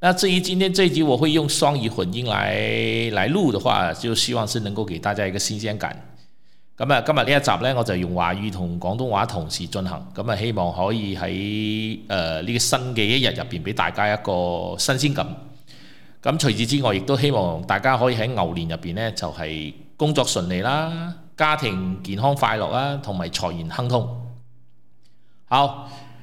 那至於今天這集，我會用雙語混音來來錄的話，就希望是能夠給大家一個新鮮感。咁啊，咁啊，今日呢一集呢，我就用華語同廣東話同時進行，咁啊，希望可以喺誒呢個新嘅一日入邊，俾大家一個新鮮感。咁除此之外，亦都希望大家可以喺牛年入邊呢，就係、是、工作順利啦，家庭健康快樂啦，同埋財源亨通。好。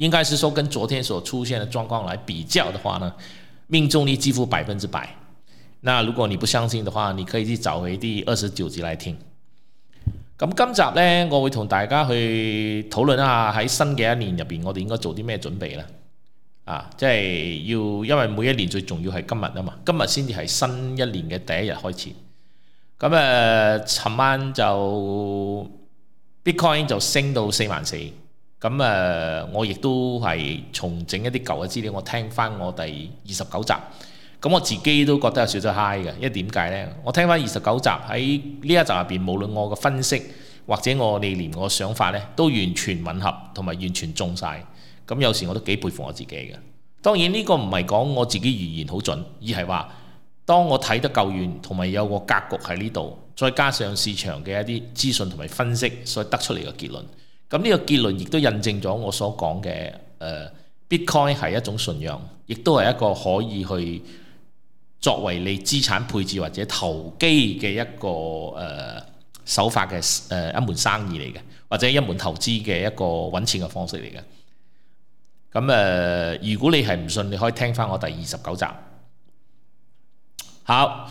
應該是說跟昨天所出現的狀況來比較的話呢，命中率幾乎百分之百。那如果你不相信的話，你可以去找回第二十九集嚟聽。咁今集呢，我會同大家去討論一下喺新嘅一年入邊，我哋應該做啲咩準備呢啊，即係要，因為每一年最重要係今日啊嘛，今日先至係新一年嘅第一日開始。咁啊、呃，尋晚就 Bitcoin 就升到四萬四。咁誒，我亦都係重整一啲舊嘅資料，我聽翻我第二十九集。咁我自己都覺得有少少 high 嘅，因為點解呢？我聽翻二十九集喺呢一集入邊，無論我嘅分析或者我理念、我想法呢，都完全吻合同埋完全中晒。咁有時我都幾佩服我自己嘅。當然呢個唔係講我自己預言好準，而係話當我睇得夠遠同埋有個格局喺呢度，再加上市場嘅一啲資訊同埋分析，所以得出嚟嘅結論。咁呢個結論亦都印證咗我所講嘅，誒，Bitcoin 係一種信仰，亦都係一個可以去作為你資產配置或者投機嘅一個誒手法嘅誒一門生意嚟嘅，或者一門投資嘅一個揾錢嘅方式嚟嘅。咁誒，如果你係唔信，你可以聽翻我第二十九集。好。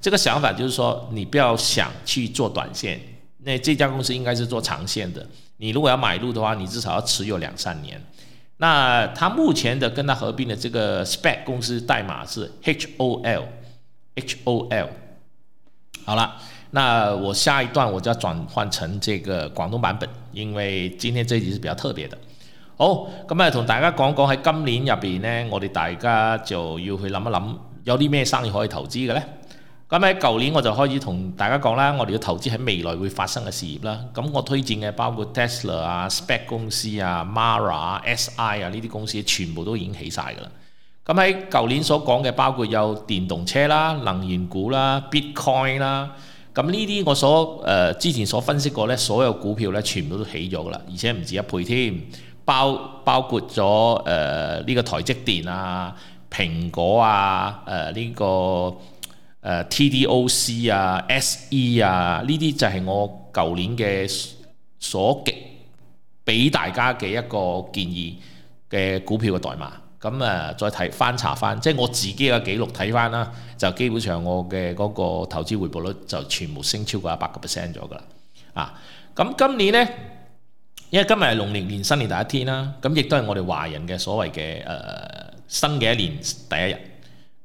這個想法就是說，你不要想去做短線。那這家公司應該是做長線的。你如果要買入的話，你至少要持有兩三年。那他目前的跟他合併的這個 SPAC 公司代碼是 HOL，HOL。好了，那我下一段我就要轉換成這個廣東版本，因為今天這一集是比較特別的。好，咁啊，同大家講講喺今年入邊呢，我哋大家就又會想想要去諗一諗，有啲咩生意可以投資嘅呢？咁喺舊年我就開始同大家講啦，我哋要投資喺未來會發生嘅事業啦。咁我推薦嘅包括 Tesla 啊、SPAC 公司啊、Mara、SI 啊呢啲公司，全部都已經起晒㗎喇。咁喺舊年所講嘅包括有電動車啦、能源股啦、Bitcoin 啦。咁呢啲我所誒之前所分析過呢，所有股票呢全部都起咗㗎喇，而且唔止一倍添。包包括咗誒呢個台積電啊、蘋果啊、誒呢個，誒、呃、TDOC 啊、SE 啊，呢啲就係我舊年嘅所給俾大家嘅一個建議嘅股票嘅代碼。咁、嗯、誒，再睇翻查翻，即係我自己嘅記錄睇翻啦，就基本上我嘅嗰個投資回報率就全部升超過一百個 percent 咗㗎啦。啊，咁、嗯、今年呢，因為今日係農曆年新年第一天啦，咁亦都係我哋華人嘅所謂嘅誒新嘅一年第一日。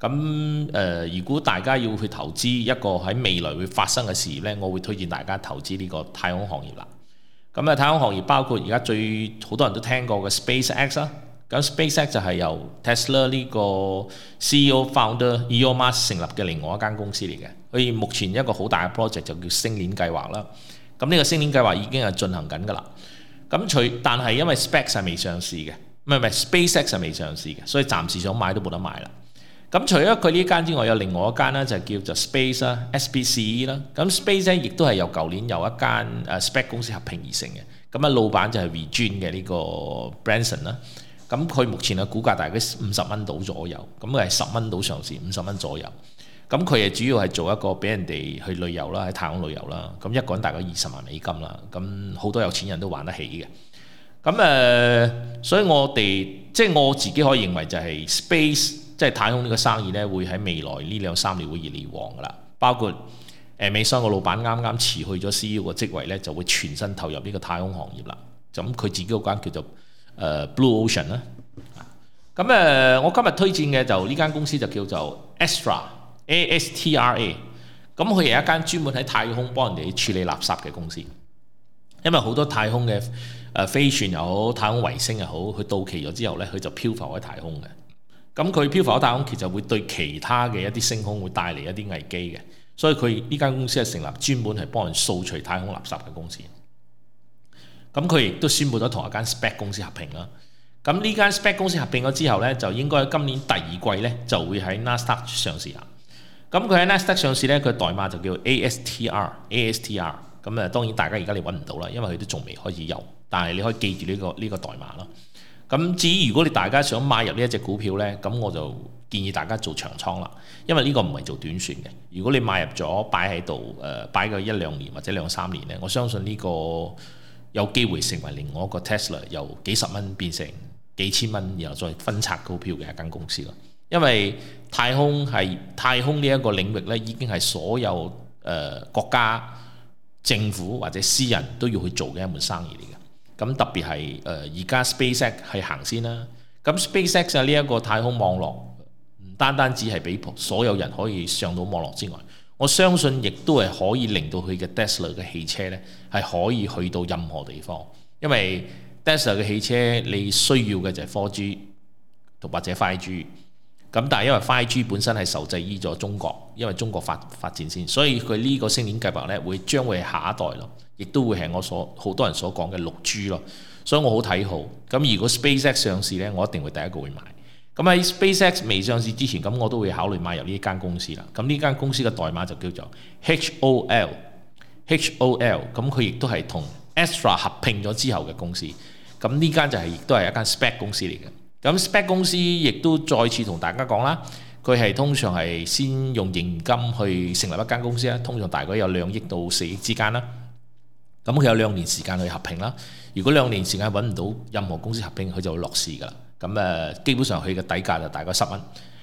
咁誒、呃，如果大家要去投資一個喺未來會發生嘅事業呢，我會推薦大家投資呢個太空行業啦。咁啊，太空行業包括而家最好多人都聽過嘅 SpaceX 啦、啊。咁 SpaceX 就係由 Tesla 呢個 CEO founder Elon Musk 成立嘅另外一間公司嚟嘅。佢目前一個好大嘅 project 就叫星鏈計劃啦。咁呢個星鏈計劃已經係進行緊㗎啦。咁除但係因為 SpaceX 係未上市嘅，唔係唔係 SpaceX 係未上市嘅，所以暫時想買都冇得買啦。咁除咗佢呢間之外，有另外一間咧，就叫做 Space 啦 SP，S P C E 啦。咁 Space 咧亦都係由舊年由一間 s p a c 公司合併而成嘅。咁啊，老闆就係 Virgin 嘅呢個 Branson 啦。咁佢目前嘅股價大概五十蚊到左右，咁佢係十蚊到上市，五十蚊左右。咁佢誒主要係做一個俾人哋去旅遊啦，喺太空旅遊啦。咁一個人大概二十萬美金啦。咁好多有錢人都玩得起嘅。咁誒，所以我哋即係我自己可以認為就係 Space。即係太空呢個生意咧，會喺未來呢兩三年會越嚟越旺㗎啦。包括誒美商個老闆啱啱辭去咗 CEO 個職位咧，就會全身投入呢個太空行業啦。咁佢自己嗰間叫做 Blue Ocean 啦。咁誒，我今日推薦嘅就呢間公司就叫做 Astra A S T R A。咁佢係一間專門喺太空幫人哋處理垃圾嘅公司，因為好多太空嘅誒飛船又好、太空衛星又好，佢到期咗之後咧，佢就漂浮喺太空嘅。咁佢漂浮喺太空其實會對其他嘅一啲星空會帶嚟一啲危機嘅，所以佢呢間公司係成立專門係幫人掃除太空垃圾嘅公司。咁佢亦都宣布咗同一間 SPAC 公司合併啦。咁呢間 SPAC 公司合併咗之後呢，就應該今年第二季呢就會喺 Nasdaq 上市啦。咁佢喺 Nasdaq 上市呢，佢代碼就叫 ASTR，ASTR。咁當然大家而家你揾唔到啦，因為佢都仲未開始有，但係你可以記住呢、呢個呢、呢個、代碼啦。咁至於如果你大家想買入呢一隻股票呢，咁我就建議大家做長倉啦，因為呢個唔係做短線嘅。如果你買入咗擺喺度，誒擺個一兩年或者兩三年呢，我相信呢個有機會成為另外一個 Tesla，由幾十蚊變成幾千蚊，然後再分拆股票嘅一間公司咯。因為太空係太空呢一個領域呢，已經係所有誒、呃、國家政府或者私人都要去做嘅一門生意嚟嘅。咁特別係誒、呃、而家 SpaceX 係行先啦，咁 SpaceX 啊，呢一個太空網絡唔單單只係俾所有人可以上到網絡之外，我相信亦都係可以令到佢嘅 Tesla 嘅汽車呢係可以去到任何地方，因為 Tesla 嘅汽車你需要嘅就係 4G 同或者 5G。咁但係因為 Five G 本身係受制於咗中國，因為中國發展先，所以佢呢個星鏈計劃咧會將會下一代咯，亦都會係我所好多人所講嘅六 G 咯，所以我好睇好。咁如果 SpaceX 上市咧，我一定會第一個會買。咁喺 SpaceX 未上市之前，咁我都會考慮買入呢間公司啦。咁呢間公司嘅代碼就叫做 H O L H O L，咁佢亦都係同 Astra 合併咗之後嘅公司。咁呢間就係亦都係一間 Spec 公司嚟嘅。咁 Spec 公司亦都再次同大家講啦，佢係通常係先用現金去成立一間公司啊，通常大概有兩億到四億之間啦。咁佢有兩年時間去合併啦。如果兩年時間揾唔到任何公司合併，佢就會落市㗎。咁誒，基本上佢嘅底價就大概十蚊。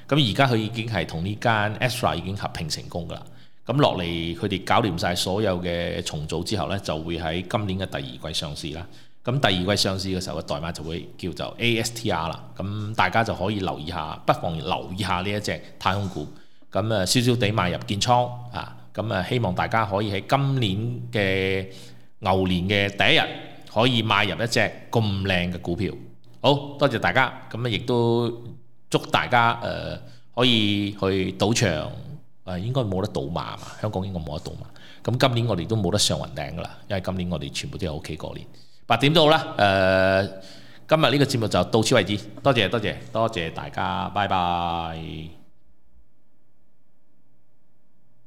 咁而家佢已經係同呢間 Astra 已經合併成功㗎啦。咁落嚟佢哋搞掂晒所有嘅重組之後呢，就會喺今年嘅第二季上市啦。咁第二季上市嘅時候嘅代碼就會叫做 ASTR 啦，咁大家就可以留意下，不妨留意下呢一隻太空股，咁誒，少少地買入建倉啊，咁、啊、誒，希望大家可以喺今年嘅牛年嘅第一日可以買入一隻咁靚嘅股票，好多謝大家，咁啊，亦都祝大家誒、呃、可以去賭場誒、啊，應該冇得賭馬嘛，香港應該冇得賭馬，咁今年我哋都冇得上雲頂噶啦，因為今年我哋全部都喺屋企過年。八點到啦，誒、呃，今日呢個節目就到此為止，多謝多謝多謝大家，拜拜。